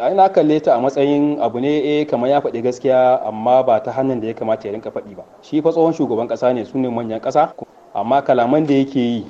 ai na kalle ta a matsayin abu ne eh kamar ya faɗi gaskiya amma ba ta hannun da ya kamata ya rinka faɗi ba shi fa tsohon shugaban ƙasa ne su ne manyan ƙasa amma kalaman da yake yi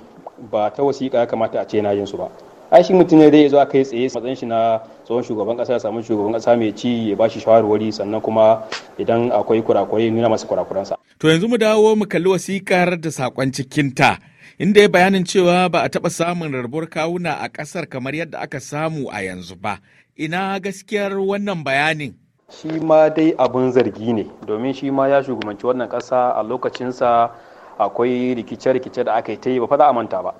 ba ta wasiƙa ya kamata a ce na yin su ba ai shi mutum ne dai ya zo a kai tsaye matsayin shi na tsohon shugaban kasa ya samu shugaban kasa mai ci ya bashi shawarwari sannan kuma idan akwai kurakurai nuna masa kurakuransa. To yanzu mu dawo mu kalli wasikar da sakon cikinta inda ya bayanin cewa ba a taɓa samun rarrabuwar kawuna a ƙasar kamar yadda aka samu a yanzu ba. Ina gaskiyar wannan bayanin? Shi ma dai abin zargi ne, domin shi ma ya shugabanci wannan ƙasa a lokacinsa akwai rikice-rikice da aka yi ta yi ba fa za a manta ba.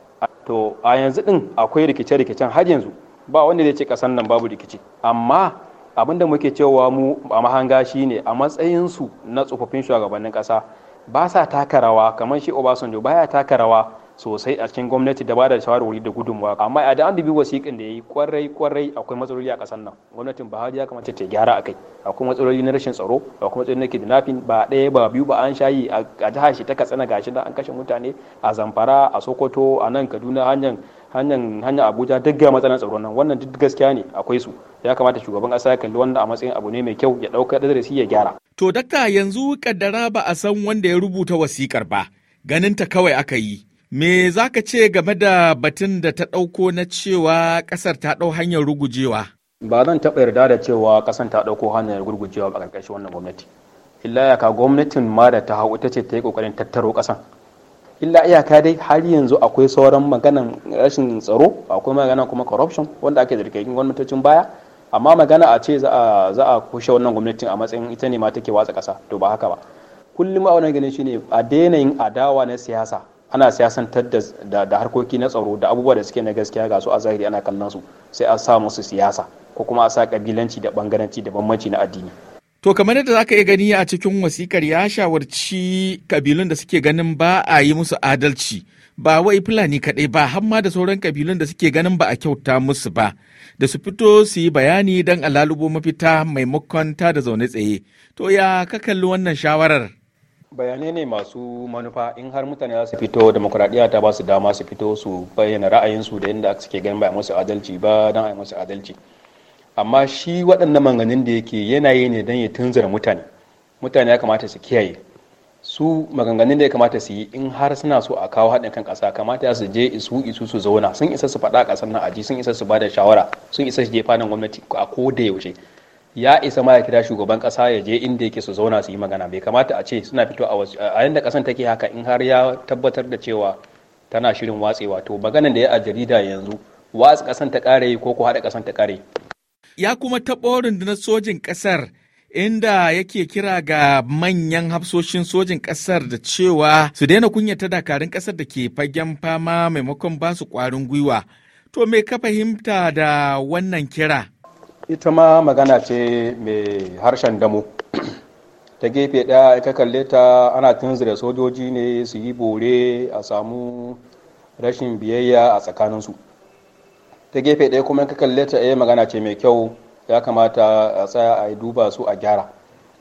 To a yanzu ɗin akwai rikice-rikicen har yanzu ba wanda zai ce ƙasar nan babu rikici. Amma abin da muke cewa mu a mahanga shi ne a matsayinsu na tsofaffin shugabannin ƙasa ba sa taka rawa kamar shi obasanjo baya taka rawa sosai a cikin gwamnati da ba bada shawarwari da gudunmawa amma a da an dubi wasiƙin da ya yi kwarai kwarai akwai matsaloli a ƙasar nan gwamnatin buhari ya kamata ta gyara a kai akwai matsaloli na rashin tsaro akwai matsaloli na kidnapping ba ɗaya ba biyu ba an shayi a jihar shi ta katsina gashi da an kashe mutane a zamfara a sokoto a nan kaduna hanyar hanyar hanyar abuja duk ga matsalan tsaro nan wannan duk gaskiya ne akwai su ya kamata shugaban kasa ya kalli wanda a matsayin abu ne mai kyau ya ɗauka da shi ya gyara to dakta yanzu kaddara ba a san wanda ya rubuta wasikar ba ganin ta kawai aka yi me za ka ce game da batun da ta ɗauko na cewa ƙasar ta ɗau hanyar rugujewa ba zan taɓa yarda da cewa ƙasar ta ɗauko hanyar rugujewa a ƙarƙashin wannan gwamnati illa ya ka gwamnatin ma da ta hau ita ce ta yi ƙoƙarin tattaro ƙasan illa iyaka dai har yanzu akwai sauran maganan rashin tsaro akwai magana kuma corruption wanda ake zargin gwamnatocin baya amma magana a ce za a kushe wannan gwamnatin a matsayin ita ne ma take watsa kasa to ba haka ba kullum a wannan ganin shine a daina yin adawa na siyasa ana siyasantar da harkoki na tsaro da abubuwa da suke na gaskiya ga su a zahiri ana kallon su sai a sa musu siyasa ko kuma a sa kabilanci da bangaranci da bambanci na addini To kamar yadda zaka iya gani a cikin wasikar ya shawarci kabilun da suke ganin ba a yi musu adalci ba wai fulani kaɗai ba hamma da sauran kabilun da suke ganin ba a kyauta musu ba da su fito su yi bayani don alalubo mafita maimakon ta da zaune tsaye. To ya ka kalli wannan shawarar? bayanai ne masu manufa in har mutane za su fito demokuraɗiyya ta ba su dama su fito su bayyana ra'ayinsu da inda suke ganin ba a musu adalci ba don a yi musu adalci amma shi waɗannan manganin da yake yanayi ne don ya tunzura mutane mutane ya kamata su kiyaye su maganganun da ya kamata su yi in har suna so a kawo haɗin kan ƙasa kamata su je su isu su zauna sun isa su faɗa a ƙasar nan aji sun isa su ba da shawara sun isa su je fanin gwamnati a ko da yaushe ya isa ma ya kira shugaban ƙasa ya je inda yake su zauna su yi magana bai kamata a ce suna fito a wasu a yanda ƙasar take haka in har ya tabbatar da cewa tana shirin watsewa to maganan da ya a jarida yanzu watsa ƙasar ta ƙare ko ko haɗa ƙasar ta ƙare ya kuma taɓa rundunar sojin ƙasar inda yake kira ga manyan hafsoshin sojin ƙasar da cewa su daina kunyata dakarun ƙasar da ke fagen fama maimakon ba su ƙwarin gwiwa. To me ka fahimta da wannan kira? Ita ma magana ce mai harshen damo. ta gefe ɗaya ka kalle ta ana tunzura sojoji ne su yi bore a samu rashin biyayya a tsakaninsu ta gefe ɗaya kuma ka kalle ta eh, magana ce mai kyau ya kamata a tsaya a yi duba su a gyara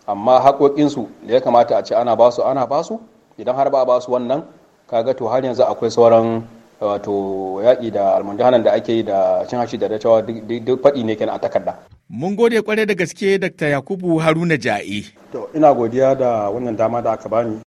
amma haƙoƙinsu da ya kamata a ce ana basu ana basu idan har ba a basu wannan kaga to har yanzu akwai sauran wato yaƙi da almundanan da ake yi da cin hashi da dacewa duk faɗi ne kenan a takarda. Mun gode kwarai da gaske Dr. Yakubu Haruna Ja'i. To ina godiya da wannan dama da aka bani.